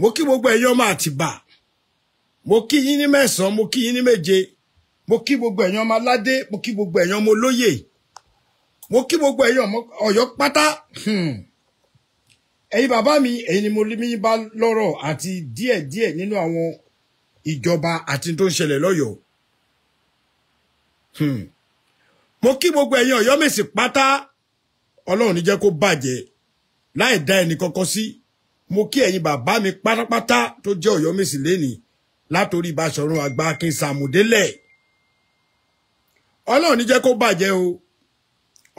mo kí gbogbo ẹ̀yin ọmọ Àtìbà mo kí yín ní mẹ́sàn-án mo kí yín ní méje mo kí gbogbo ẹ̀yin ọmọ aládé mo kí gbogbo ẹ̀yin ọmọ olóyè mo kí gbogbo ẹ̀yin ọmọ Ọ̀yọ́ pátá hmm. ẹ̀yin bàbá mi ẹ̀yin ni mo rí mi bá lọ́rọ̀ àti díẹ̀díẹ̀ nínú àwọn ìjọba àti tó ń ṣẹlẹ̀ lọ́yọ̀ọ́ hmm. mo kí gbogbo ẹ̀yin Ọ̀yọ́ Mèsì pátá Ọlọ́run ní jẹ́ kó bàjẹ́ láì dá ẹnì kankan sí. Si mo kí ẹ̀yin bàbá mi pátápátá tó jẹ́ ọ̀yọ́mèsì lénìí látòrí ìbáṣọ̀run àgbà akin sàmùdélẹ̀ ọlọ́run ní jẹ́ kó bàjẹ́ o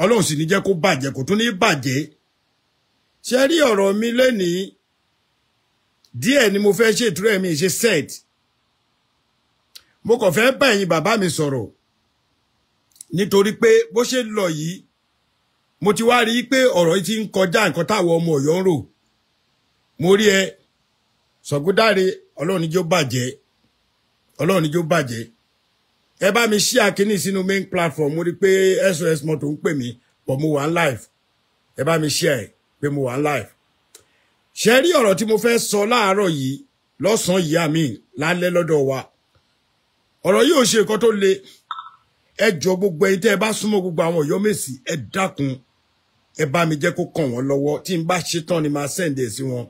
ọlọ́run sì ní jẹ́ kó bàjẹ́ kò tún ní bàjẹ́ ṣe rí ọ̀rọ̀ mi lénìí díẹ̀ ni mo fẹ́ ṣe ìtúrẹ́ mi ṣe set mo kàn fẹ́ bá ẹ̀yin bàbá mi sọ̀rọ̀ nítorí pé bó ṣe lọ yìí mo ti wá rí i pé ọ̀rọ̀ yìí ti ń kọjá nǹkan táwọn ọmọ ọ̀yọ́ ń rò mo rí ẹ sọ̀gúdáre ọlọ́run níjó bàjẹ́ ọlọ́run níjó bàjẹ́ ẹ bá mi ṣí àkíní sínú main platform mo rí pé sos moto ń pè mí but mo wà ń live ẹ bá mi ṣí ẹ pé mo wà ń live ṣe rí ọ̀rọ̀ tí mo fẹ́ sọ láàárọ̀ yìí lọ́sàn-án yìí àmì lálẹ́ lọ́dọ̀ wa ọ̀rọ̀ yìí ò ṣe nǹkan tó le ẹ jọ gbogbo ẹ̀yin tẹ́ ẹ bá súnmọ́ gbogbo àwọn ọ̀yọ́ mèsì ẹ dákun ẹ bá mi jẹ́ kó kàn wọ́n lọ́wọ́ tí n bá ṣetán ni màá sẹ́ǹdẹ̀ sí wọn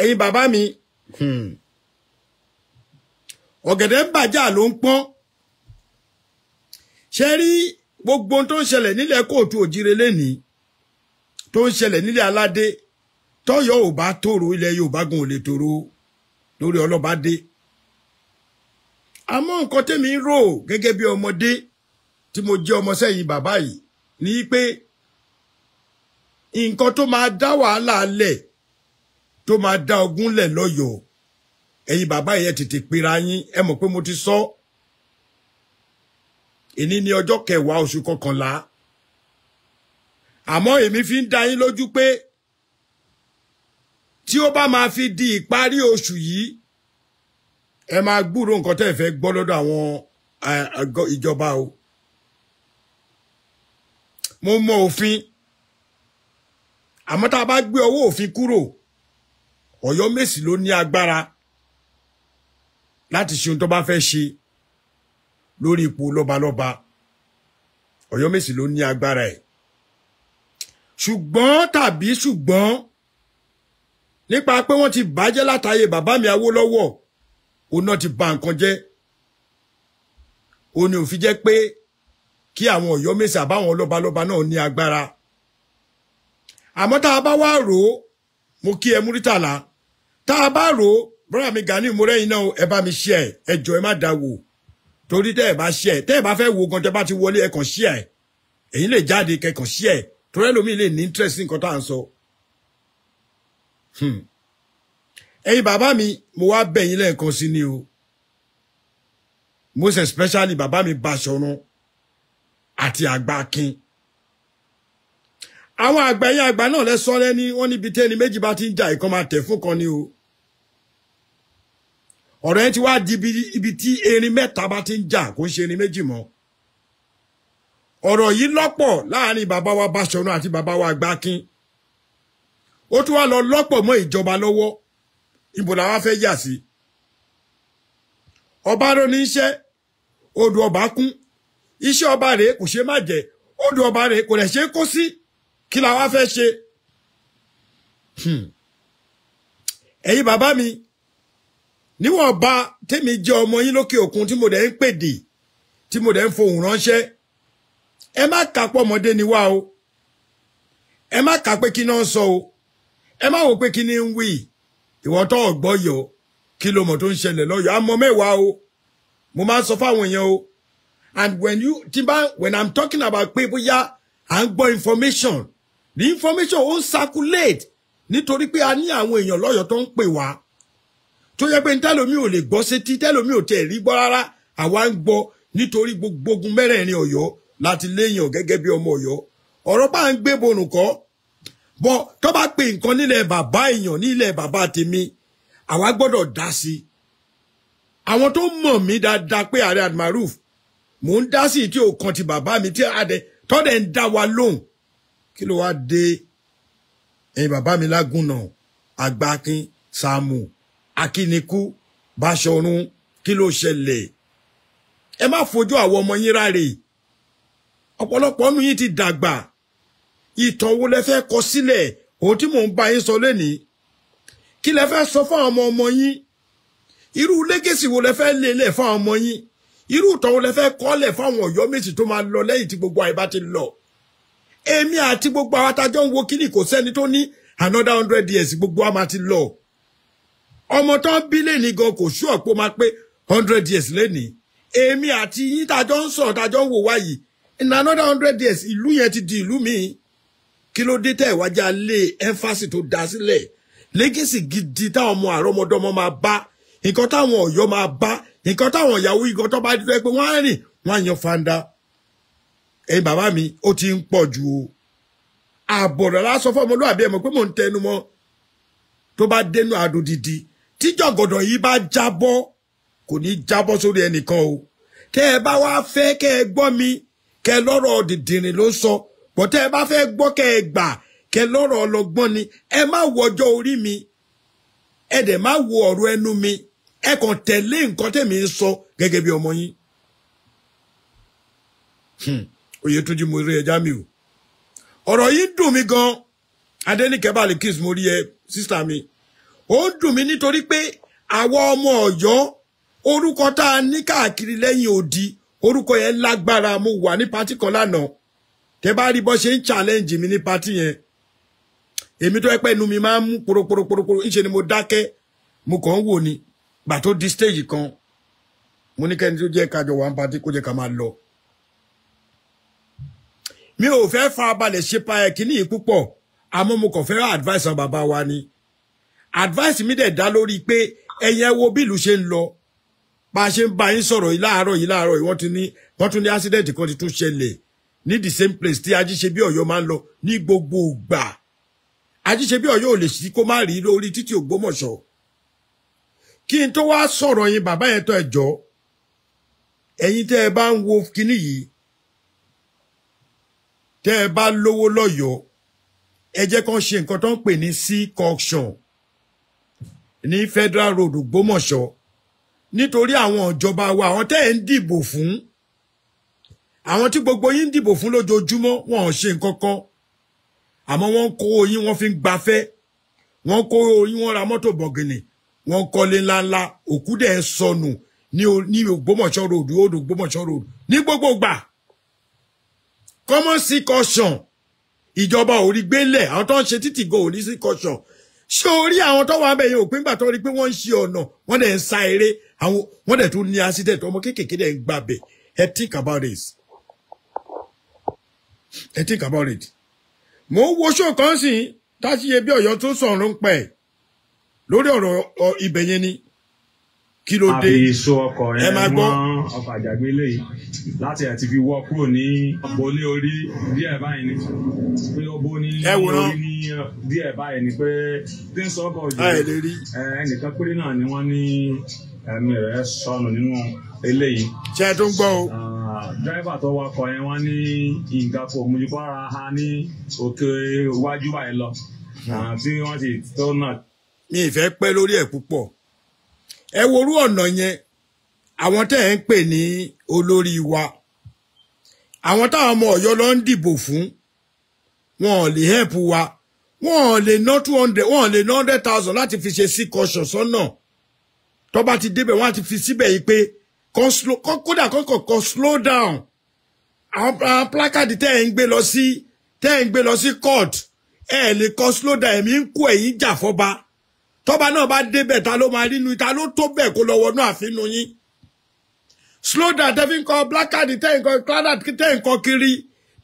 ẹ̀yin bàbá mi hmm. ọ̀gẹ̀dẹ̀ ń bàjá ló ń pọ́n ṣe rí gbogbo tó ń ṣẹlẹ̀ nílẹ̀ kóòtù òjire lénìí tó ń ṣẹlẹ̀ nílẹ̀ aládé tọ́yọ̀ ò bá tòrò ilẹ̀ Yorùbá gun ò lè tòrò lórí ọlọ́ba dé àmọ́ nǹkan tẹ́mi ń rò gẹ́gẹ́ bí ọmọdé tí mo jẹ́ ọmọ sẹ́yìn bàbá yìí ni pé nǹkan tó máa dá wàhálà lẹ̀ tó máa dá ogún lẹ̀ lọ́yọ̀ọ́ ẹ̀yin bàbá yẹn tètè pera yín ẹ mọ̀ pé mo ti sọ èní ní ọjọ́ kẹwàá oṣù kọkànlá àmọ́ èmi fi ń dá yín lójú pé tí ó bá máa fi di ìparí oṣù yìí ẹ máa gbúrò nǹkan tẹ́ ẹ fẹ́ gbọ́ lọ́dọ̀ àwọn ìjọba o mo mọ òfin àmọ́ tá a bá gbé ọwọ́ òfin kúrò Ọ̀yọ́ Mèsì ló ní agbára láti ṣe ohun tó bá fẹ́ ṣe lórí ipò lọ́balọ́ba Ọ̀yọ́ Mèsì ló ní agbára ẹ̀ ṣùgbọ́n tàbí ṣùgbọ́n nípa pé wọ́n ti bàjẹ́ látàyè bàbá mi Awólọ́wọ̀ òun náà ti ba nǹkan jẹ́ òun ni òfin jẹ́ pé kí àwọn Ọ̀yọ́ Mèsì àbáwọn lọ́balọ́ba náà ní agbára àmọ́ tá a bá wá rò ó mo kí ẹ Múrítàlá. E tá a bá rò ó brọ́dà mi Gani mo rẹ́yìn náà ẹ bá mi ṣe ẹ ẹ jọ ẹ má da wò torí tẹ́ ẹ bá ṣe ẹ tẹ́ ẹ bá fẹ́ wo gan tẹ́ bá ti wọlé ẹ kàn ṣe ẹ èyí lè jáde kẹkàn ṣe ẹ torí ẹlòmíì lè ní interest nǹkan tá à ń sọ. Hmm. ẹ̀yin bàbá mi mo wá bẹ̀ yín lẹ́ẹ̀kan sí ni o most especially bàbá mi Baṣọ̀run àti àgbà Akin àwọn àgbà yín àgbà náà lẹ́sọ́lẹ́ ní wọ́n níbi tẹ́ni méjì bá ti ń jà ìkan máa tẹ̀ fún kan ni o ọ̀rọ̀ yẹn ti wá di ibi tí erin mẹ́ta bá ti ń jà kó ń ṣe erin méjì mọ́ ọ̀rọ̀ yìí lọ́pọ̀ láàrin bàbá wa Báṣọ̀run àti bàbá wa Gbákin ó tún wá lọ lọ́pọ̀ mọ́ ìjọba lọ́wọ́ ìbò làwa fẹ́ yà sí ọba ló ní iṣẹ́ odò ọba kún iṣẹ́ ọba rèé kò ṣe má jẹ́ odò ọba rèé kò rẹ̀ ṣe kó sí kí làwa fẹ́ ṣe hmm. ẹ̀yin bàbá mi níwọ̀n bá tèmi jẹ́ ọmọ yín lókè òkun tí mo dẹ̀ ń pèdè tí mo dẹ̀ ń fohùn ránṣẹ́ ẹ má kà pọ̀ ọmọdé ni wá o ẹ má kà pé kí náà sọ o ẹ má wò pé kí ni ń wí ìwọ tó ọ̀gbọ́ yọ kí ló mọ̀ tó ń ṣẹlẹ̀ lọ́yọ̀ àmọ́ mẹ́wàá o mo máa ń sọ fáwọn èèyàn o and when you ti bá when i'm talking about pé bóyá à ń gbọ́ information the information ó ń circulate nítorí pé a ní àwọn èèyàn lọ́yọ̀ tó ń pè wá tó yẹ pé tẹ́lómi ò lè gbọ́ sétí tẹ́lómi ò tẹ̀ rí gbọ́ rárá àwa ń gbọ́ nítorí gbogbo ogun mẹ́rẹ̀ẹ̀rin ọ̀yọ́ láti léèyàn gẹ́gẹ́ bí ọmọ ọ̀yọ́ ọ̀rọ̀ bá ń gbé borùn kọ́ bọ́ tó bá pe nǹkan nílẹ̀ bàbá èèyàn nílẹ̀ bàbá tèmi àwa gbọ́dọ̀ dá sí i àwọn tó mọ̀ mí dáadáa pé ààrẹ admaruf mò ń dá sí i tí ò kan ti bàbá mi tí adẹ tọ́dẹ̀ ń dá wa lóhùn kí ló wá dé ẹ̀yin bàbá mi lágùn náà àgbákin Sàámù akínikú báṣọ̀run kí ló ṣẹlẹ̀ ẹ má fojú àwọn ọmọ yín ráre ọ̀pọ̀lọpọ̀ ọmọ yín ti dàgbà ìtàn wo lẹ fẹ́ kọ sílẹ̀ ohun tí mò ń bá yín sọ lénìí kí lẹ fẹ́ sọ fún àwọn ọmọ ọmọ yín irú lẹ́gẹ̀sì wo lẹ fẹ́ lélẹ̀ fún àwọn ọmọ yín irú ìtàn wo lẹ fẹ́ kọ́lẹ̀ fún àwọn ọ̀yọ́ méjì tó máa lọ lẹ́yìn tí gbogbo àìbá ti lọ èmi àti gbogbo àwọn atajọ́ ń wo kíní kò sẹ́ni tó ní another hundred years gbogbo àmà ti lọ ọmọ tó ń bí lẹ́ni gan kò sú ọ̀pọ̀ máa pé hundred years lẹ́ni èmi àti yín tàjọ ń sọ̀rọ̀ tàjọ ń wò wáyìí in another hundred years ìlú yẹn ti di ìlú míì kí ló dé tẹ̀ ìwájà lé ẹ́fásì tó dá sílẹ̀ lẹ́gẹ̀sì gidi táwọn ọmọ àrọ́mọdọ́mọ máa bá nǹkan táwọn ọ̀yọ́ máa bá nǹkan táwọn ìyàwó ìgò tó bá dúró pé wọ́n á rìn wọ́n á yan fanda ẹ̀yin bàbá mi ó ti ń pọ̀ ju o àbọ̀dọ̀ lásán fọ́mọlúwàbí ẹ̀ mọ̀ pé mò ń tẹnu mọ́ tó bá dénú àdòdìdì tí jọ̀gọ̀dọ̀ yìí bá jábọ́ kò ní jábọ́ sórí ẹnìkan o tẹ́ ẹ bá wá fẹ́ kẹ́ ẹ gbọ́ mi kẹ́ lọ́rọ̀ dìndìnrín ló sọ bọ́ tẹ́ ẹ bá fẹ́ gbọ́ kẹ́ ẹ gbà kẹ́ lọ́rọ̀ ọlọ́gbọ́n ni ẹ má wọjọ́ orí mi ẹ dẹ̀ má wo ọ̀rọ̀ ẹnu mi ẹ kàn tẹ̀lé nǹkan tẹ̀mí ń sọ gẹ́gẹ́ bí ọmọ yín. Hmm, Oyètúnjí mo rí ẹja mi o ọ̀rọ̀ yìí dùn mí gan Adéníkẹ́ Bàlíkìsì mo rí ẹ sísá mi ó dùn mí nítorí pé àwa ọmọ Ọ̀yọ́ orúkọ tá a ní káàkiri lẹ́yìn odi orúkọ yẹn lágbára mo wà ní pátì kan lánàá tẹ́ bá rí bó ṣe ń challenge mi ní pátì yẹn èmi tó yẹ pé inú mi máa ń mú poroporoporo ìṣe ni mo dákẹ́ mo kàn ń wò ni gbà tó di stage kan mo ní kẹ́ni tó jẹ́ kájọ wà ń pátì kó jẹ́ ká máa lọ mi ò fẹ́ fa balẹ̀ ṣe pa ẹ̀ kíní yìí púpọ̀ àmọ́ mo kàn fẹ́ advice àwọn bàbá wa ni advice mi dẹ̀ dá lórí pé ẹ̀yẹ wo bí ìlú ṣe ń lọ bá a ṣe ń bá yín sọ̀rọ̀ yìí láàárọ̀ yìí láàárọ̀ yìí wọ́n ti ní wọ́n tún ní accident kan ti tún ṣẹlẹ̀ ní the same place tí ajíṣe bí ọ̀yọ́ máa ń lọ ní gbogbo ìgbà ajíṣe bí ọ̀yọ́ ò lè sí kó má rí lórí títí Ògbómọ̀ṣọ́ kí n tó wá sọ̀rọ̀ yín bàbá yẹn tó ẹ̀jọ́ ẹ̀yin tẹ́ ẹ bá ń wo kinní yìí tẹ́ ẹ bá lówó lọ́yọ̀ọ́ ẹ jẹ́ kán ṣe nǹkan tó ń pè ní c-coction Ni federal road Ògbómọ̀ṣọ́ nítorí àwọn ìjọba wa àwọn tẹ́ ẹ̀ ń dìbò fún àwọn tí gbogbo yín ń dìbò fún lójoojúmọ́ wọn ò ṣe nǹkan kan àmọ́ wọ́n ń kó yín wọ́n fi ń gbafẹ́ wọ́n ń kó yín wọ́n ra mọ́tò bọ̀gìnì wọ́n ń kọ́lé ńláńlá òkú dẹ̀ sọnù ní Ògbómọ̀ṣọ́ road odò Ògbómọ̀ṣọ́ road ní gbogbo gbà common sick caution ìjọba ò rí gbélẹ̀ àwọn tó ń ṣe títì go ò ní sick caution ṣé orí àwọn tó wà ń bẹ̀ yẹn òpin gbà tó rí pé wọ́n ń ṣe ọ̀nà wọ́n dẹ̀ ń sa eré àwọn wọ́n dẹ̀ tún ní accident ọmọ kéékèèké dẹ̀ ń gbàbẹ̀ ẹ think about this ẹ think about it Mo ń wo ṣó kan sí táṣíye bí ọ̀yọ́ tó sọ̀rọ̀ ń pẹ̀ lórí ọ̀rọ̀ ibẹ̀ yẹn ni kí ló dé àfihàn ọkọ̀ yẹn mọ́ ọkọ̀ àjàgbé léyìí láti ẹ̀ ti fi wọ kúrò ní bolé orí díẹ̀ báyìí ni pé ó ní orí ní uh, díẹ̀ báyìí ni pé tí ń sọ ọkọ̀ òjò ẹnìkan péré náà ni wọ́n ní ẹ̀mí rẹ̀ sọnù nínú eléyìí. ṣé ẹ tó ń gbọ́ o. Uh, dírẹ́fà tó wakọ̀ yẹn wọ́n ní nǹkan kò mú ipá ara ha ní òkè iwájú báyìí hmm. uh, tí wọ́n ti tó náà. mi ì fẹ́ pẹ́ lórí ẹ̀ púpọ̀ ẹ worú ọ̀nà yẹn àwọn tẹ́ ẹ̀ ń pè ní olórí wa àwọn táwọn ọmọ ọ̀yọ́ lọ ń dìbò fún wọn ò lè help wa wọn ò lè ná two hundred wọn ò lè ná hundred thousand láti fi ṣe sí kọṣọ sọ́nà tó ti débẹ̀ wọ́n á fi síbẹ̀ yìí pé kódà kọ́kọ́ kọ́ slow down àwọn plákàdì tẹ́ ẹ̀ ń gbé lọ sí tẹ́ ẹ̀ ń gbé lọ sí court ẹ̀ lè kọ́ slow down ẹ̀mí ń kó ẹ̀yìn jà fọ́ba tọ́ba náà bá débẹ̀ ta ló máa nínú ta ló tó bẹ́ẹ̀ kó lọ wọnú àfinu yín slowdown tẹ́ fi ń kọ blackard tẹ́ kọ cladard tẹ́ kọ kiri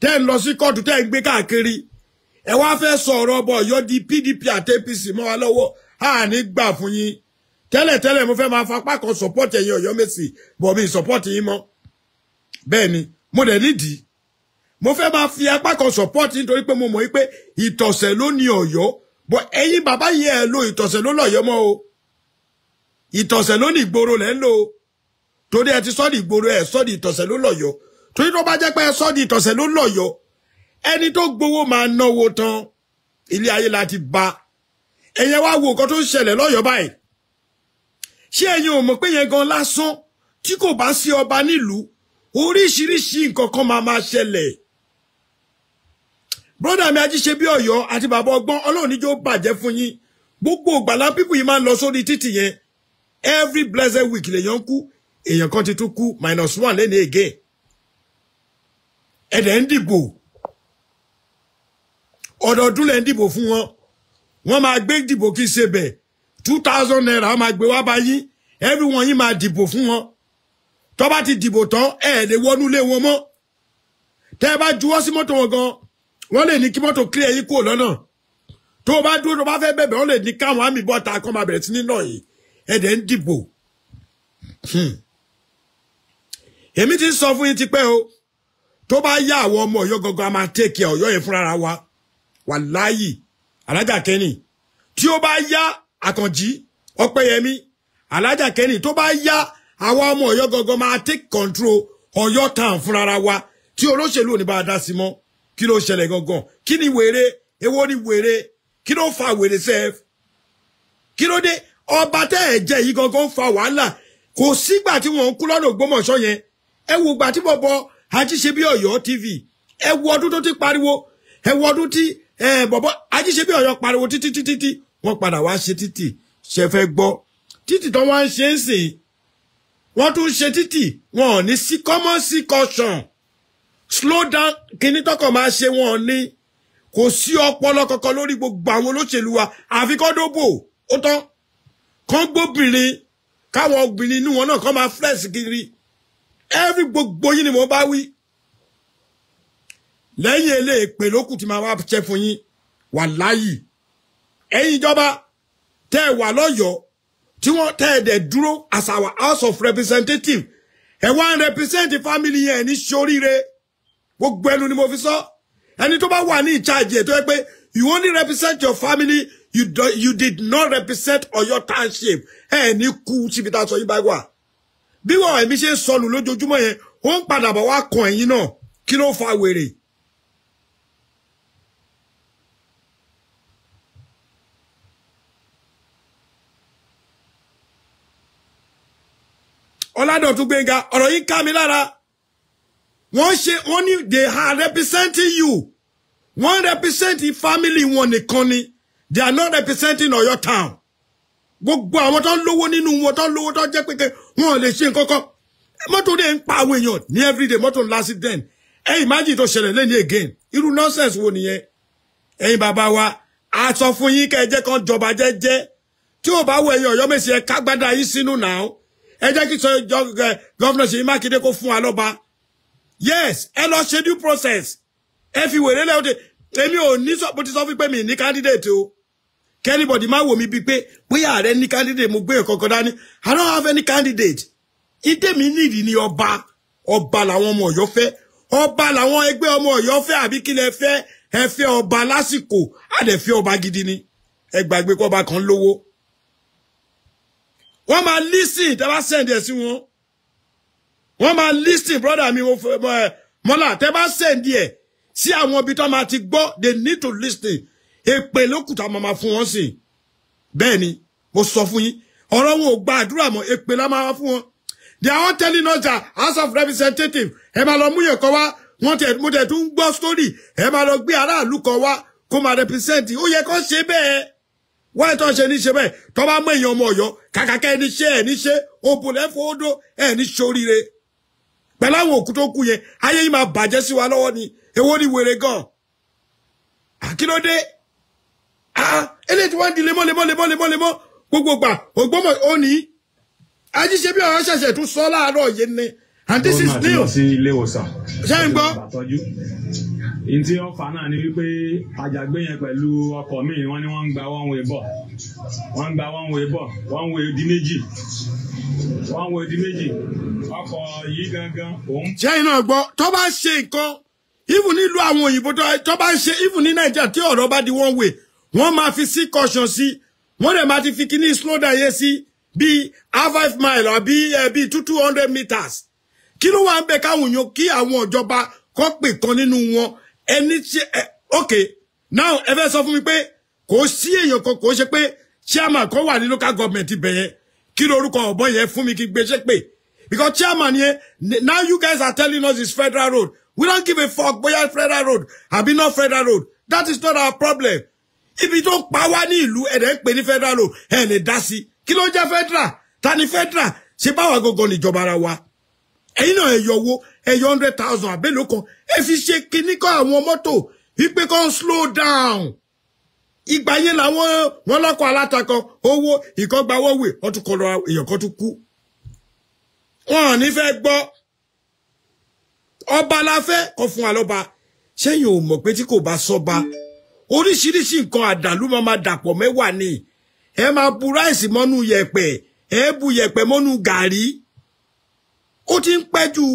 tẹ́ ń lọ sí kóòtù tẹ́ ń gbé káàkiri ẹ wá fẹ́ sọ ọ̀rọ̀ yọ di pdp àti apc mọ́ wa lọ́wọ́ àní gbà fún yín tẹ́lẹ̀tẹ́lẹ̀ mo fẹ́ máa fapá kan support ẹ̀yin ọ̀yọ́ mẹ́sì bọ̀ mi support yín mọ́ bẹ́ẹ̀ ni mo dẹ̀ nídìí mo fẹ́ máa fi apá kan support nítorí pé mo mọ̀ wípé ìtọ̀sẹ̀ ló ní ọ̀yọ́ bọ́ ẹ̀yin bàbá yìí ẹ̀ lo ìtọ̀sẹ̀ ló lọ́yọ́ mọ́ o ìtọ̀sẹ̀ ló ní ìgboro lẹ́ ń lò o torí ẹ ti sọ́ di ìgboro ẹ̀ sọ́ di ìtọ̀sẹ̀ ló lọ́yọ́ torí tó bá jẹ́ pé ẹ sọ́ di ìtọ̀sẹ̀ ló lọ́yọ́ ẹni tó gbowó máa náwó tán ilé ayé la ti ba ẹ̀yẹn wá wo nǹkan tó ń ṣẹlẹ̀ lọ́yọ́ báyìí ṣé ẹ̀yin ò mọ̀ pé yẹn gan lásán tí kò bá sí ọba nílùú oríṣiríṣi nǹkan kan máa máa ṣẹlẹ̀ brọ́dà mi ajíṣe bí ọ̀yọ́ àti bàbá ọgbọ́n ọlọ́run níjó bàjẹ́ fún yín gbogbo ìgbàlá pípù yìí máa ń lọ sórí títì every blessed week lèèyàn kú èèyàn kan ti tún kú minus one lẹ́nu ègé ẹ̀dẹ̀ ń dìbò ọ̀dọ̀ọdún lẹ́ ń dìbò fún wọn wọ́n máa gbé dìbò kí n ṣe two thousand naira máa gbé wá báyìí everyone yìí máa dìbò fún wọn tó bá ti dìbò tán ẹ̀ lè wọnú lé wọn mọ́ tẹ́ ẹ bá juwọ́ sí mọ́tò gan wọ́n lè ní kí mọ́tò clear yìí kúrò lọ́nà tó o bá dúró tó o bá fẹ́ bẹ̀bẹ̀ wọ́n lè ní káwọn àmì bọ́ta kọ́ máa bẹ̀rẹ̀ sí nínà yìí ẹ̀dẹ̀ ń dìbò hmm. èmi ti ń sọ fún yín tipẹ́ o tó bá yá àwọn ọmọ Ọ̀yọ́ gangan a máa tẹ̀kẹ́ Ọ̀yọ́ yẹn fúnra wa wàláyì alájà kẹ́ni tí ó bá yá àkànjí ọpẹ́yẹmí alájà kẹ́ni tó bá yá àwọn ọmọ Ọ̀yọ́ gangan máa take control Ọ̀yọ́ town fúnra wa tí olóṣèlú ò ní bá a dá sí mọ́ kí ló ṣẹlẹ̀ gangan kí ni wèrè èwo ni wèrè kí ló fa wèrè sef kí ló dé ọba tẹ́ ẹ̀ jẹ́ yìí gangan fa wàhálà kò sígbà tí wọ́n ń kú lọ́nà Ògbómọ̀ṣọ́ yẹn ẹ wo gbà tí bọ̀bọ̀ Ajíṣebí Ọ̀yọ́ TV ẹ wo ọdún tó ti pariwo ẹ wo ọdún tí bọ̀bọ̀ Ajíṣebí Ọ̀yọ́ pariwo títí títí tí wọ́n padà wá ṣe títì ṣe fẹ́ gbọ́ títì tán wá ń ṣe ń sìn wọ́n tún ṣe títì wọn ò ní sí common sí slow down kíní tọkọ máa ṣe wọn ní kò sí ọpọlọ kankan lórí gbogbo àwọn olóṣèlú wa àfi kọ́ dóbò ó tán kán gbóbìnrin káwọn obìnrin inú wọn náà kán máa flex kiri every gbogbo yín ni mo bá wí lẹ́yìn eléyìí pè lókù tí màá wá ṣe fún yín wà láàyè ẹ̀yin ìjọba tẹ́ ẹ wà lọ́yọ̀ọ́ tí wọ́n tẹ́ as our house of representative ẹ̀ wá ń represent family yẹn ní ṣoríire gbogbo ẹnu ni mo fi sọ ẹni tó bá wà ní ìcháàjì ẹ̀ tó yẹ pé you only represent your family you, do, you did not represent Ọ̀yọ́ township ẹ ní kú síbi tá a sọ yín báyìí wà bí wọn ẹ̀mí ṣe ń sọnù lójoojúmọ́ yẹn ó ń padà bọ̀ wá kan ẹ̀yìn náà kí ló fa wèrè. ọládọ̀tún gbẹ̀ngà ọ̀rọ̀ yìí ká mi lára wọ́n ṣe wọ́n ní they are representing you wọ́n represent family wọn nìkan ni they are not representing Ọ̀yọ́ town gbogbo àwọn tó ń lówó nínú wọn tó ń lówó tó jẹ́ pé wọn lè ṣe nǹkan kan mọ́tò dé ń pa àwọn èèyàn ní everyday mọ́tò ńlá sí den ẹ imagine tó ṣẹlẹ̀ lẹ́ni again irú nonsense wo nìyẹn ẹ̀yin bàbá wa a sọ fún yín kẹ́ ẹ jẹ́ kan jọba jẹ́jẹ́ tí ò bá wọ ẹ̀yin Ọ̀yọ́ Mèsì ẹ kágbádá yín sínú náà ẹ jẹ́ kí sọ gọ́vnà Ṣèyí Mákindé kó fún wa lọ́ba yes ẹ lọ ṣe due process ẹ fi wèrè lẹ́wọ́n de èmi ò ní sọ bó ti sọ fún pé mi ní candidate o anybody má wò mí bíi pé bóyá ààrẹ ní candidate mo gbé ìkọ̀kọ̀ dání I don't have any candidate ìdèmí nìdí ni ọba ọba làwọn ọmọ Ọ̀yọ́ fẹ́ ọba làwọn ẹgbẹ́ ọmọ Ọ̀yọ́ fẹ́ àbí kí lẹ fẹ́ ẹ fẹ́ ọba lásìkò àdẹ̀fẹ́ ọba gidi ni ẹ gbàgbé pé ọba kan lówó wọ́n máa lísìn tẹ́ bá sẹ̀ǹdẹ̀ sí wọn wọ́n máa listen brother mi eh, eh, mọ́là tẹ́ bá sẹ́ndí ẹ̀ sí àwọn ibi tó máa ti gbọ́ they need to listen èpè lókùtà máa ma fún wọn sí bẹ́ẹ̀ ni mo sọ fún yín ọ̀rọ̀ wọn ò gba àdúrà mọ́ èpè la máa wá fún wọn they are all telling us that house of representative ẹ máa lọ mú yẹn kọ wá wọn tẹ mo tẹ tún gbọ́ story ẹ máa lọ gbé aráàlú kan wá kó máa represent ó yẹ kó ṣe bẹ́ẹ̀ wọ́n tó ń ṣe ní ṣe tó bá mọ èèyàn ọmọ ọ̀yọ́ kàkàkẹ́ ẹni ṣe ẹ̀ ṣe òbò lẹ́fọ̀ọ́dọ́ ẹ̀ ní ṣoríire pẹ̀lú àwọn òkú tó kú yẹn ayé yìí máa bàjẹ́ sí wa lọ́wọ́ ni èwo ni wèrè gan àkínódé eléyìí tí wọ́n di lemọ́ lemọ́ lemọ́ lemọ́ lemọ́ gbogbo gbà ògbómọ̀ òní ají ṣe bí ọ̀rọ̀ ṣẹ̀ṣẹ̀ tún sọ láàárọ̀ yẹn ni and this is new. ṣé ń gbọ́. n tí wọ́n fà náà ni wípé àjàgbé yẹn pẹ̀lú ọkọ̀ míì wọ́n ní wọ́n ń gba one way bọ̀ one way bọ̀ one way di méjì wọ́n wo di méjì ọkọ̀ yìí gangan òun. ṣé iná gbọ́ tó bá ṣe nǹkan even nílùú àwọn òyìnbó tó bá ṣe even ní nàìjíríà tí ọ̀rọ̀ bá di one way wọ́n máa fi sí caution sí wọ́n dẹ̀ máa ti fi kíní slow down yé sí bíi half five mile àbí eh, bíi two two hundred meters kí ló wà ń bẹ káwọn èèyàn kí àwọn ìjọba kọ́ pè kan nínú wọn ẹni tí eh, ok now ẹ fẹ́ sọ fún mi pé kò sí èèyàn kan kò ṣe pé chairman kan wà ní local government ibẹ̀ kí lorúkọ ọ̀bọ yẹn fún mi kí gbé ṣépè because chairman yẹn now you guys are telling us it's federal road we don't give a fuck bóyá federal road àbí not federal road that is not our problem ibi tó pa wá ní ìlú ẹ̀rẹ́ ń pè ní federal road ẹ̀ lè dá sí kí ló jẹ́ federal ta ni federal ṣe báwa gangan níjọba ara wa ẹ̀yin náà ẹ̀yọ owó ẹ̀yọ hundred thousand àbẹ́lò kan ẹ fi ṣe kinní kan àwọn mọ́tò wípé kan slow down ìgbà yẹn làwọn wọn lọ́kọ̀ alátakọ owó ìkọ́gbawọ́wé wọ́n tún kọlọ èèyàn kan tún ku wọn ò ní fẹ́ gbọ́ ọba la fẹ́ kọ fún wa lọ́ba ṣẹ́yìn ò mọ̀ pé tí kò bá sọ́ba oríṣiríṣi nǹkan àdàlú máa ma dàpọ̀ mẹ́wàá ni ẹ máa bu ráìsì mọ́nú yẹ̀pẹ̀ ẹ bu yẹ̀pẹ̀ mọ́nú gàrí ó ti ń pẹ́jù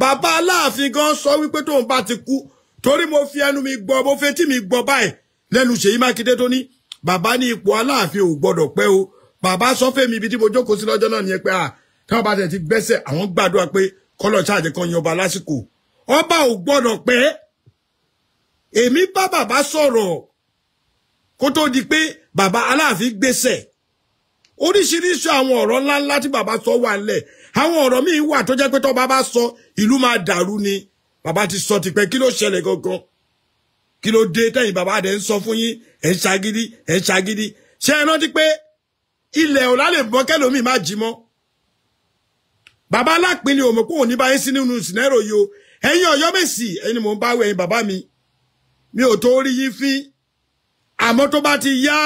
bàbá aláàfin gan sọ wípé tóun bá ti kú torí mo fi ẹnu mi gbọ́ mo fetí mi gbọ́ báyìí lẹ́nu Ṣèyí Mákindé tó ní bàbá ní ipò Aláàfin ò gbọ́dọ̀ pẹ́ o bàbá sọ fẹ́mi ibi tí mo jókòó sí lọ́jọ́ náà nìyẹn pé à tí wọ́n bá tẹ̀ ti gbẹ́sẹ̀ àwọn gbàdúrà pé kọ́lọ̀ ṣáàjẹ kan yan ọba lásìkò ọba ò gbọ́dọ̀ pẹ́ èmi bá bàbá sọ̀rọ̀ kó tó di pé bàbá Aláàfin gbẹ́sẹ̀ oríṣiríṣi àwọn ọ̀rọ̀ ńláńlá tí bàbá sọ wà lẹ̀ àwọn ọ̀rọ̀ míì wà tó jẹ́ pé tó bá bá sọ ìlú máa dàrú ni bàbá ti sọ tipẹ́ kí ló ṣẹlẹ̀ gangan kí ló dé tẹ̀yin bàbá rẹ̀ ń sọ fún yín ẹ̀ ń ṣagídí ẹ̀ ń ṣagídí ṣé ẹ rántí pé ilẹ̀ ọ̀la lè bọ́ kẹ́lòmíì má jí mọ́ bàbá alápínlẹ̀ òmò kò ní báyé sí nínú sinẹ́rò yìí o ẹ̀yin ọ̀yọ́ mèsì ẹni mò ń bá wẹ̀ ẹ̀yin bàbá mi mi ò tó rí yín fín àmọ́ tó bá ti yá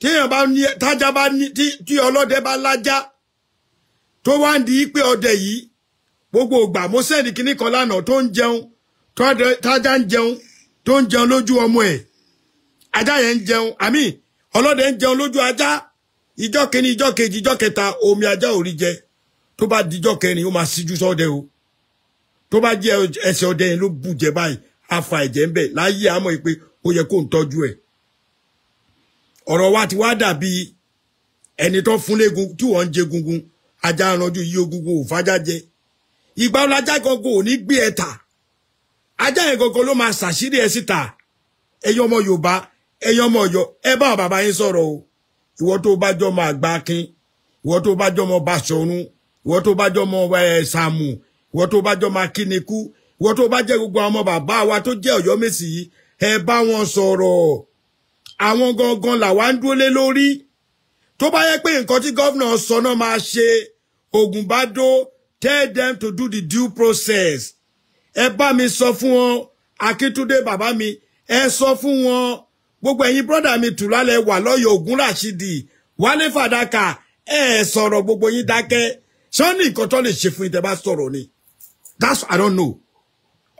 téèyàn bá ní tájá bá ní tí ọlọ́dẹ bá lájá tó wá ń di pé ọdẹ yìí gbogbo ògbà mo sẹ́ni lánàá tó ń jẹun tájá ń jẹun tó ń jẹun lójú ọmọ ẹ̀ ajá yẹn ń jẹun àmì ọlọ́dẹ ń jẹun lójú ajá ìjọ kìíní ìjọ kejì ìjọ kẹta omi ajá ò rí jẹ tó bá dijọ kẹrin ó máa síjú sọdẹ o tó bá jẹ ẹsẹ ọdẹ yẹn ló bù jẹ báyìí afa ẹ̀jẹ̀ ń bẹ láyé àmọ́ pé ó yẹ kó ń tọ́jú ẹ̀ ọ̀rọ̀ wa ti wá dàbí ẹni tó fún léegun tí wọ́n ń jẹ gungun ajá ranjú yí ogungun ò jẹ ìgbà ọlájá gangan ò ní gbé ẹ ta ajá yẹn gangan ló máa ṣàṣírí ẹ síta ẹ̀yin ọmọ Yorùbá ẹ̀yin ọmọ Ọ̀yọ́ ẹ bá àwọn bàbá yín sọ̀rọ̀ o ìwọ tó bá jọ ọmọ àgbà kín ìwọ tó bá jọ ọmọ Baṣọ̀run ìwọ tó bá jọ ọmọ Sàámú ìwọ tó bá jọ ọmọ Akínikú ìwọ tó bá jẹ gbogbo àwọn ọmọ bàbá wa tó jẹ Ọ̀yọ́ Mèsì yìí ẹ bá wọn sọ̀rọ̀ àwọn gangan làwa ń dúró lé lórí tó bá yẹ pé nǹkan tí gọ́vnà sọ náà máa ṣe Ògùnbádó tell them to do the due process ẹ bá mi sọ fún wọn akíntúndé bàbá mi ẹ sọ fún wọn gbogbo ẹ̀yin brọ́dà mi tùlálẹ̀ wà lọ́yọ̀ ògún ràṣídì wálé fàdákà ẹ sọ̀rọ̀ gbogbo yín dákẹ́ sọ́ni nǹkan tó lè ṣe fún yín bá sọ̀rọ̀ ni that's i don't know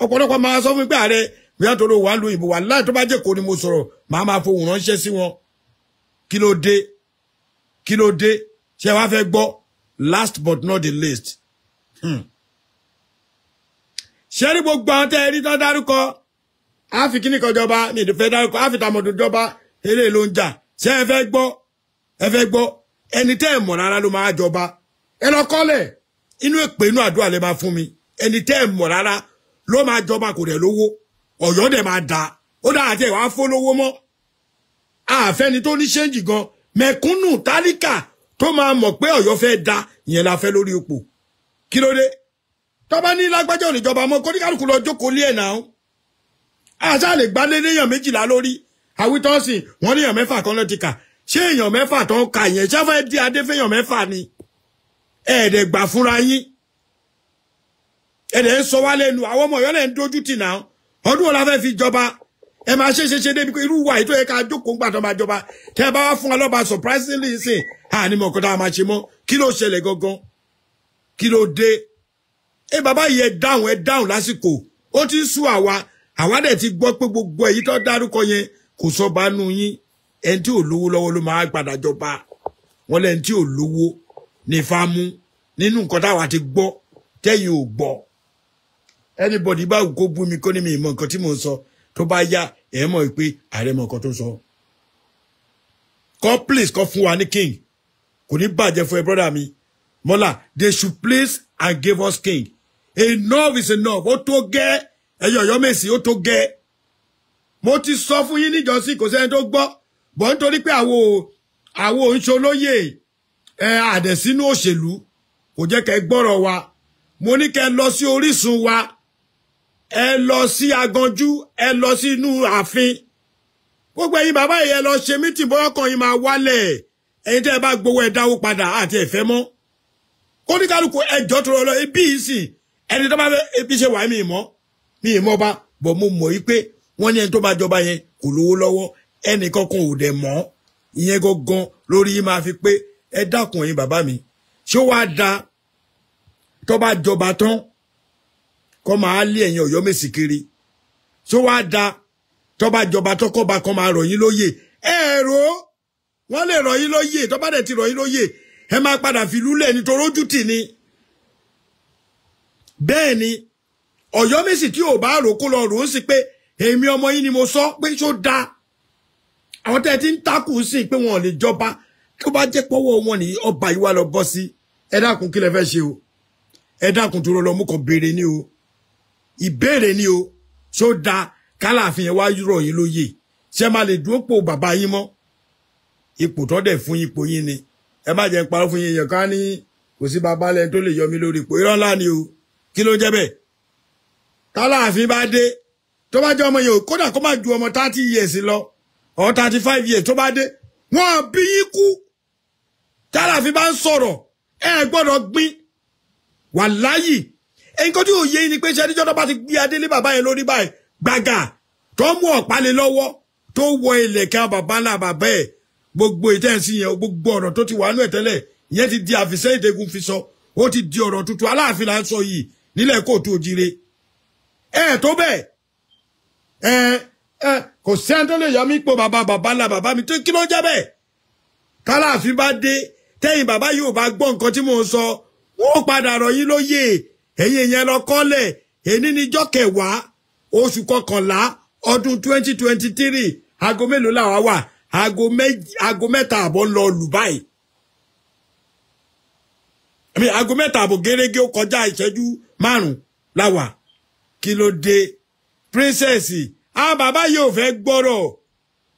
ọ̀pọ̀lọpọ̀ máa sọ fún pé ààrẹ mi á tọrọ wà lu ìbò wà láì tó bá jẹ́ kó ni mo sọ̀rọ̀ màá máa fohùn ránṣẹ́ sí wọn kí ló dé kí ló dé ṣé wàá fẹ́ gbọ́ last but not the least. Hmm ṣé rí gbogbo àwọn tẹ́ rí tán dárúkọ á fi kíní kan jọba ní ìdìfẹ́ dárúkọ á fi tàmọ̀dún jọba eré ló ń jà ṣé ẹ fẹ́ gbọ́ ẹ fẹ́ gbọ́ ẹni tẹ́ ẹ̀ mọ̀ rárá ló máa jọba ẹ lọ kọ́lẹ̀ inú èpè inú àdúrà lè máa fún mi ẹni tẹ́ ẹ̀ mọ̀ rárá ló máa jọba kò dẹ̀ lówó ọ̀yọ́ dẹ̀ máa da ó dáa àti ẹ̀wá fó lówó mọ́ àfẹ́ni tó ní ṣéǹjì gan mẹ̀kúnnù tálíkà tó máa mọ̀ pé ọ̀yọ́ fẹ́ da ìyẹn la fẹ́ lórí ipò kí ló dé tọ́ba ní lágbájá oníjọba mọ́ kó ní kálukú lọ jókòó lé ẹ̀ náà àṣà lè gbá lé léèyàn méjìlá lórí àwítọ́sìn wọ́n léèyàn mẹ́fà kan ló ti kà ṣé èèyàn mẹ́fà tó ń ka yẹn ṣáfẹ́ di adé fẹ́yàn mẹ́fà ni ẹ̀ẹ́dẹ̀ gbà fúnra yín ẹ̀ẹ́dẹ̀ ń sọ wá lẹ́nu àwọn ọmọ ìyọ́lẹ̀ ń dojú tì náà ọdún wo la fẹ́ fi jọba ẹ máa ṣe ṣe ṣe débi pé irú wa ètò yẹ ká jókòó ńgbà tó máa jọba tẹ ẹ bá wá fún ọlọ́ba surprisingly sìn àní mọ̀kọ́tà máa ṣe mọ́ kí ló ṣẹlẹ̀ gangan kí ló dé ẹ Baba, yìí ẹ dáhùn ẹ dáhùn lásìkò ó ti ń sú àwa àwa dẹ̀ ti gbọ́ pé gbogbo èyí tó dárúkọ yẹn kò sọ bá nú yín ẹni tí ò lówó lọ́wọ́ ló máa padà jọba wọn lẹ́ni tí ò lówó ní fámú nínú nǹkan táwa ti gbọ́ tẹ́yìn ò gbọ́ anybody ba wù kó bú mi kó ní mi ìmọ̀ nǹkan tí mò ń sọ tó bá yá ẹ̀ mọ̀ pé ààrẹ mọ̀ nǹkan tó sọ please kọ́ fún wa ní king kò ní bàjẹ́ fún ẹ brother mi Mola, they should please and give us king enough is enough ó tó gẹ́ ẹ̀yọ̀ ọ̀yọ́ mèsì ó tó gẹ́ mo ti sọ fún yín níjọ́sí kò sẹ́ni tó gbọ́ bọ́ nítorí pé àwo àwo òǹṣolóyè ẹ àdẹ̀sínú òṣèlú kò jẹ́ kẹ́ gbọ́rọ̀ wa mo ní kẹ́ lọ sí orísun wa ẹ lọ sí aganjú ẹ lọ sí inú ààfin gbogbo ẹ̀yin bàbá yìí ẹ lọ ṣe mítìn bọ́ọ̀kan yìí máa wálẹ̀ ẹ̀yin tẹ́ ẹ bá gbowó ẹ dáwó padà àti ẹ̀fẹ́ mọ́ kóníkálukú ẹjọ́ tó rọ lọ ibi yìí sì ẹni tó bá fẹ́ ebi ṣe wà mí mọ́ mi ì mọ́ bá bọ̀ mo mọ̀ yí pé wọ́n ní ẹni tó bá jọba yẹn kò lówó lọ́wọ́ ẹnì kankan ò dẹ̀ mọ́ ìyẹn gangan lórí yìí máa fi pé ẹ dákun ẹ̀yin bàbá mi ṣé wàá da tó bá jọba tán kọ́ máa lé ẹ̀yin ọ̀yọ́ mèsì kiri ṣé wàá da tó bá jọba tán kọ́ bá kan máa rọ̀ yín lóyè ẹ̀rọ wọ́n lè rọ̀ yín lóyè tó bá dẹ̀ ti rọ̀ yín lóyè ẹ máa padà fi lúlẹ̀ nítorí tì ni. Toro, bẹ́ẹ̀ ni ọ̀yọ́mẹ́sì tí ò bá rò kó lọ rò ó sì pé èmi ọmọ yìí ni mo sọ pé ṣó dáa àwọn tẹ́ ẹ ti ń takù sí pé wọn ò lè jọba tó bá jẹ́ pọ́wọ́ wọn ní ọba yìí wá lọ bọ́ sí ẹ dákun kí lẹ fẹ́ ṣe o ẹ dákun tó lọ mú kàn béèrè ni o ìbéèrè ni o ṣó dáa kálàfin yẹn wá rọ̀ yín lóye ṣé má lè dúró pò bàbá yín mọ́ ipò tó dẹ̀ fún ipò yín ni ẹ má jẹ́ ń parọ́ fún yín yẹn ká ní kò sí babalẹ̀ tó lè yọ mí lórí ipò irọ́ ńlá ni o kí ló jẹ́ bẹ́ẹ̀ táláàfin bá dé tó bá jẹ́ ọmọ yẹn ò kódà kó má ju ọmọ thirty years lọ or thirty five years tó bá dé wọ́n bí yín kú táláàfin bá ń sọ̀rọ̀ ẹ gbọ́dọ̀ gbin wàláyì nǹkan tí òye yìí ni pé ṣẹ́ni jọ́dọ̀ bá ti gbé adélé bàbá yẹn lórí báyìí gbàgà tó mú ọ̀pá lé lọ́wọ́ tó wọ ilẹ̀kẹ́ bàbá ńlá bàbá ẹ̀ gbogbo ìtẹ́sí yẹn gbogbo ọ̀rọ̀ tó ti wà nú ẹ̀ tẹ́lẹ̀ ìyẹn ti di àfisẹ́ ìdẹ́gun fi sọ ó ti di ọ̀rọ̀ tuntun aláàfin là ń sọ yìí nílẹ̀ kóòtù òjire ẹ tó bẹ́ẹ̀ ẹ ẹ kò sí ẹni tó lè yọ mí pò bàbá bàbá bàbá mi tó kí ló jẹ́ bẹ́ẹ̀ kálàfin bá dé tẹ́yìn bàbá yóò bá gbọ́ nǹkan tí mò ń sọ wọn ò padà rọ̀ yín lóyè ẹ̀yin yẹn lọ kẹwàá oṣù aago mélòó làwa aago lọ lù márùn láwà kí ló dé princess àwọn bàbá yìí ò fẹ́ gbọ́rọ̀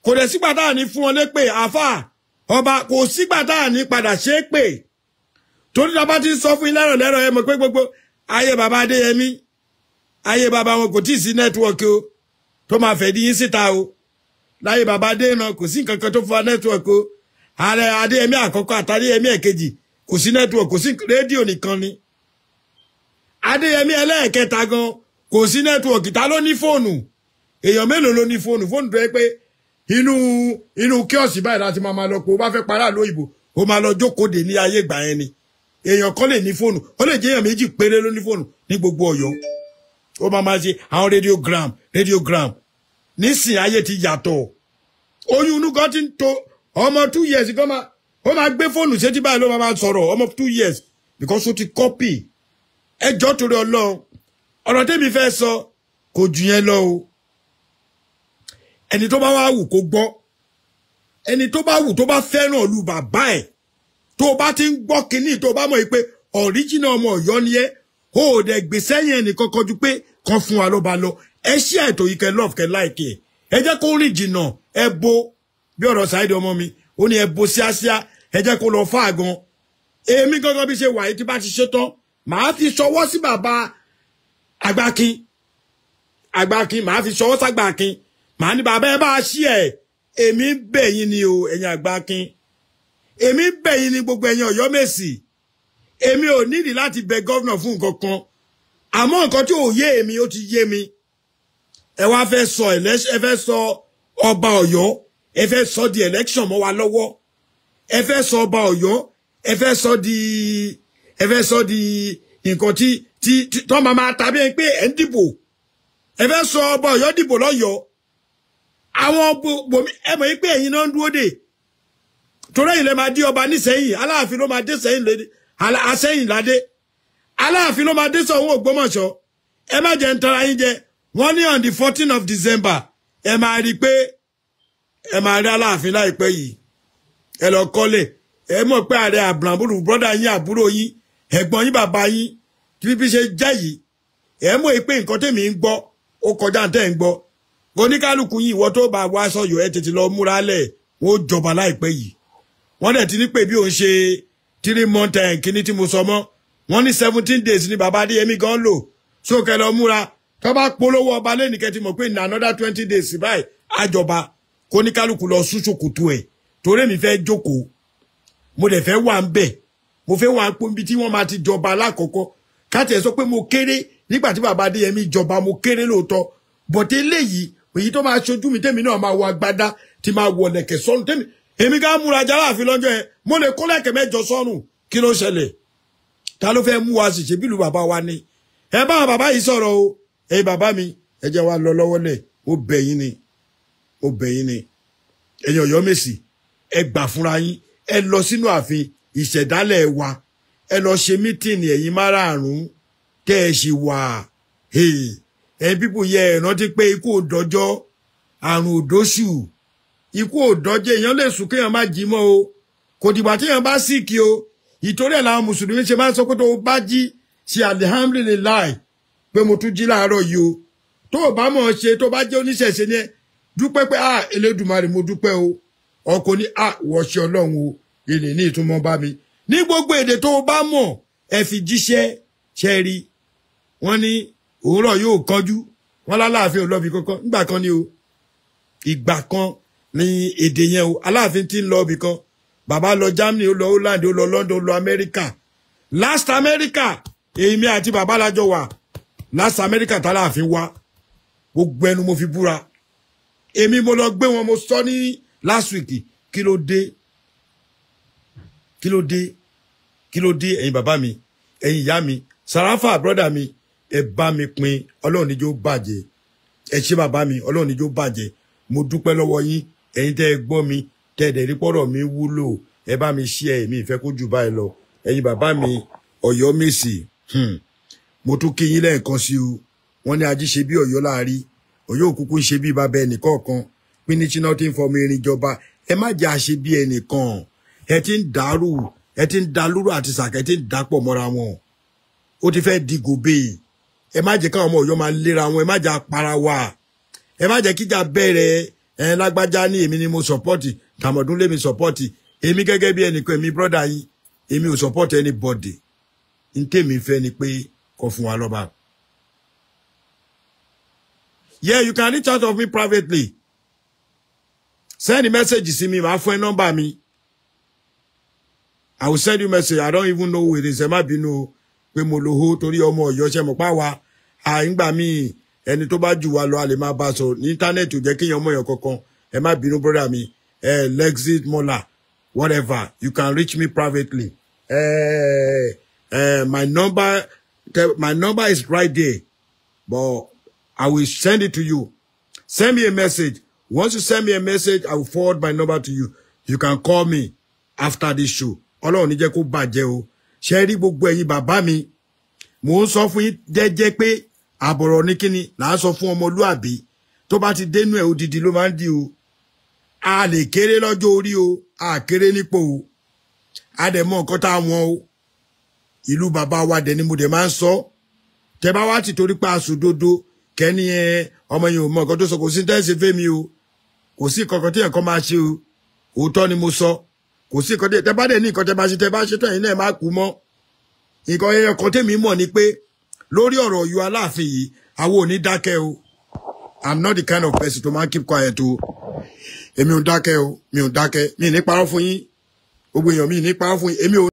kò dẹ̀ sígbà tá à ní fún wọn lépè àfà ọba kò sígbà tá à ní padà ṣe é pè torí ta bá ti sọ fún yín lẹ́rọ̀ lẹ́rọ̀ ẹ mọ̀ pé gbogbo ayé bàbá Adéyẹmí ayé bàbá wọn kò tí ì sí nẹ́tíwọ́ọ̀kì o tó máa fẹ́ di yín síta o láyé bàbá Adéyẹmí kò sí nǹkan kan tó fún wa o ààrẹ Adéyẹmí àkọ́kọ́ àtàdéyẹmí ẹ̀kejì kò sí nẹ́tíwọ́ọ̀kì kò sí rédíò nìkan ni adéyẹmí ẹlẹ́ẹ̀kẹta gan kò sí nẹ́tíwọ̀kì ta ló ní fóònù èèyàn mélòó ló ní fóònù fóònù tó yẹ pé inú inú kíọ̀sì báyìí láti máa lọ pé o bá fẹ́ pará lóyìnbó o máa lọ jókòó ní ayé ìgbà yẹn ni èèyàn kan lè ní fóònù ó lè jẹ́ èèyàn méjì péré ló ní fóònù ní gbogbo ọ̀yọ́ ó máa máa ṣe àwọn radiogram radiogram nísìn ayé ti yàtọ̀ oyún inú kan ti ń to ọmọ two years kan máa ó máa gbé fóònù sétí báyìí ló máa máa sọ̀rọ̀ ọmọ two years because ó ti copy ẹjọ́ torí ọlọ́run ọ̀rọ̀ tẹ́mi fẹ́ sọ kò jù yẹn lọ o ẹni tó bá wá wù kó gbọ́ ẹni tó bá wù tó bá fẹ́ràn olú bàbá ẹ̀ tó bá ti ń gbọ́ kínní tó bá mọ̀ pé ọ̀ríjìnà ọmọ ọ̀yọ́ ni ẹ́ o ò dẹ̀ gbèsè yẹn ẹnìkan kọjú pé kan fún wa ló bá lọ ẹ ṣí ètò yìí kẹ love kẹ láìkì ẹ jẹ́ kó rìn jìnnà ẹ bo bí ọ̀rọ̀ ṣáìdì ọmọ mi ó ní ẹ bo síáṣíá ẹ jẹ́ kó lọ fáàgan èmi gangan bí ṣe wà yìí tí bá ti ṣetán màá fi ṣọwọ́ sí bàbá àgbàkin àgbàkin màá fi ṣọwọ́ sàgbàkin màá ní bàbá ẹ bá ṣí ẹ èmi ń bẹ̀ yín ni o ẹ̀yin àgbàkin èmi ń bẹ̀ yín ni gbogbo ẹ̀yin ọ̀yọ́ mèsì èmi ò nídìí láti bẹ gọ́vnà fún nǹkan kan àmọ́ nǹkan tí ò yé èmi ó ti yé mi ẹ wá fẹ́ sọ ẹ fẹ́ sọ ọba ọ̀yọ́ ẹ fẹ́ sọ di election mọ́ wa lọ́wọ́ ẹ fẹ́ sọ ọba ọ̀yọ́ ẹ fẹ́ sọ di ẹ fẹ́ sọ di nǹkan tí tí tọ́ máa máa tàbí ẹ pé ẹ̀ ń dìbò ẹ fẹ́ sọ ọba ọ̀yọ́ dìbò lọ́yọ̀ọ́ àwọn bòmí ẹ mọ̀ pé ẹ̀yin náà ń dúró dè torí ẹ̀yin lè máa dé ọba nísẹ̀yìn aláàfin ló máa dé sẹ́yìn lóde àsẹ́yìn ládé aláàfin ló máa dé sọ̀hún Ògbómọ̀ṣọ́ ẹ má jẹ́ ń tara yín jẹ wọ́n ní on the fourteen of December ẹ máa rí i pé ẹ máa rí aláàfin láìpẹ́ yìí ẹ lọ kọ́lé ẹ mọ̀ pé ààrẹ àbùràbùrù brọ́dà yín àbúrò yín ẹ̀gbọ́n yín bàbá yín tí bíbí ṣe jẹ́ yìí ẹ̀ mọ̀ pé nǹkan tèmi ń gbọ́ ó kọjá tẹ́ ń gbọ́ oníkálukú yìí ìwọ tó bá wá sọ̀yọ̀ ẹ tètè lọ múra lẹ̀ wọ́n jọba láìpẹ́ yìí wọ́n dẹ̀ ti ní pé bí òun ṣe three month kíní tí mo sọ mọ́ wọ́n ní seventeen days ni bàbá adéyẹmí gan lò sókè lọ múra tó bá polówó ọba lẹ́nu kẹ́tì mọ̀ pé ní another twenty days báyìí àjọba kóníkálukú lọ sún ṣòkòtò ẹ̀ torí mi fẹ́ jókòó mo dẹ̀ fẹ́ wà ń bẹ̀ mo fẹ́ wà pé ibi tí wọ́n máa ti jọba alákọ̀ọ́kọ́ káàtì ẹ̀ sọ pé mo kéré nígbà tí bàbá adéyẹmí jọba mo kéré lóòótọ́ bọ̀tẹ́ eléyìí èyí tó máa ṣojú mi tẹ́mi náà máa wọ agbádá tí máa wọ lẹ̀kẹ̀ sọ́run tẹ́mi èmi ká múra jára àfi lọ́jọ́ yẹn mo lè kó lẹ̀kẹ̀ mẹ́jọ sọ́run kí ló ṣẹlẹ̀ ta ló fẹ́ mú wa sì ṣe bílù bàbá wa ni ẹ bá bàbá yìí sọ̀rọ̀ o ẹ bàbá mi ẹ jẹ́ wa lọ lọ́wọ́ lẹ̀ ó bẹ̀ yín ni ó bẹ̀ yín ni ẹ̀yin ọ̀yọ́ ẹ gbà fúnra yín ẹ lọ sínú ààfin ìṣẹ̀dálẹ̀ wa ẹ lọ ṣe mítìnì ẹ̀yin márààrún tẹ́ ẹ ṣì wà ẹ̀yin pípò yẹ ẹ rántí pé ikú òdọ́jọ́ àrùn òdóṣù ikú òdọ́jọ́ èèyàn lè sùn kéèyàn má jí mọ́ o kò dìgbà téèyàn bá sì kí o ìtorí ẹ̀ làwọn mùsùlùmí ṣe máa ń sọ pé tó o bá jí ṣe alihamdulilayi pé mo tún jí láàárọ̀ yìí o tó o bá mọ̀ ọ́ ṣe tó o bá jẹ́ oníṣẹ̀ṣe ni ẹ dúpẹ́ pé ah Elédùmarè mo dúpẹ́ o ọkọ ni ah wọ́ọ̀ṣẹ́ ọlọ́run o ilé ní ìtumọ̀ bá mi ní gbogbo èdè tó bá mọ̀ ẹ fi jíṣẹ́ ṣe rí wọ́n ní òwúrọ̀ yóò kánjú wọ́n lálàáfin olóbi kankan nígbà kan ni o ìgbà kan ní èdè yẹn o aláàfin ti ń lọ ibì kan bàbá lọ Germany ó lọ Holland ó lọ London ó lọ America last America èmi àti bàbá lájọ wà last America tàláàfin wá gbogbo ẹnu mo fi búra èmi mo lọ gbé wọn mo sọ ní last week kí ló dé kí ló dé kí ló dé ẹ̀yin bàbá mi ẹ̀yin ìyá mi sàràfà brọ́dà mi ẹ bá mi pín ọlọ́run níjó bàjẹ́ ẹ ṣé bàbá mi ọlọ́run níjó bàjẹ́ mo dúpẹ́ lọ́wọ́ yín ẹ̀yin tẹ́ ẹ gbọ́ mi tẹ́ ẹ dẹ̀rí pọ́rọ̀ mi wúlò ẹ bá mi ṣí ẹ̀mí ìfẹ́ kó jù báyìí lọ ẹ̀yin bàbá mi ọ̀yọ́ mèsì hmm, mo tún kí yín lẹ́ẹ̀kan sí o wọ́n ní ají ṣe bí ọ̀yọ́ láàrí ọ̀yọ́ òkúkú ṣe bí bàbá ẹnìkọ̀ọ̀kan pínísínà tí ń fọmọ irin jọba ẹ má jẹ́ àṣe bí ẹnìkan ẹ ń dàrú ẹ ń da lúrú àti sàkẹ́ ẹ ń dàpọ̀ mọ́ra wọn ó ti fẹ́ di gòbè ẹ má jẹ́ káwọn ọmọ Ọ̀yọ́ máa léra wọn ẹ má jẹ́ apara wa ẹ má jẹ́ kíjà bẹ̀rẹ̀ ẹ lágbájá ní èmi ni mo sọ̀pọ́tì tàmọ̀dún lèmi sọ̀pọ́tì èmi gẹ́gẹ́ bí ẹnìkan èmi brọ́dà yín èmi ò sọ̀pọ́tì anybody n tèmi fẹ́ ni pé kó fún wa lọ́ba. yeah you can reach out of me privately send a message sí me màá fún ẹ nọ́mbà mi. I will send you message. I don't even know who it is. Ẹ má be pé We lo tori omo yoshe Ọ̀yọ́ ṣe mọ̀ pa wá. À ń juwa lo ẹni tó bá jù wá lọ a lè máa bá sọ ní íńtánẹ́ẹ̀tì brother mi. Ẹ Lexit Mola whatever you can reach me privately. Uh, uh, my number my number is right there. But I will send it to you. Send me a message. Once you send me a message, I will forward my number to you. You can call me after this show ọlọ́run ní jẹ́ kó bàjẹ́ o ṣe rí gbogbo ẹ̀yin bàbá mi mò ń sọ fún yín jẹ́jẹ́ pé àbọ̀rọ̀ ní kíni là á sọ fún ọmọlúàbí tó bá ti dénú ẹ̀ odidi ló máa ń di o a lè kéré lọ́jọ́ orí o a kéré nípò o a dẹ̀ mọ nǹkan tá a wọn o ìlú bàbá wa dẹ̀ ni mo dẹ̀ máa ń sọ tẹ bá wá ti torí pa àsùdodo kẹ́ni ẹ ọmọ yìí ò mọ nǹkan tó sọ kò sí tẹ́sí fẹ́mi o kò sí kankan tí ẹ̀kọ́ máa ṣe o òótọ́ ni mo sọ. So kò sí nǹkan tẹ́ bá dẹ̀ ní nǹkan tẹ́ bá ṣe tẹ́ bá ṣe tán yìí náà má kú mọ́ nǹkan ẹyọ kan tèmi ni pé lórí ọ̀rọ̀ Ọ̀yọ́ Aláàfin yìí àwọn ò ní dákẹ́ o i'm not the kind of person to man keep quiet o èmi ò dákẹ́ o mi ò dákẹ́ mi ní parọ́ fún yín gbogbo èèyàn mi ní parọ́ fún yín èmi ò.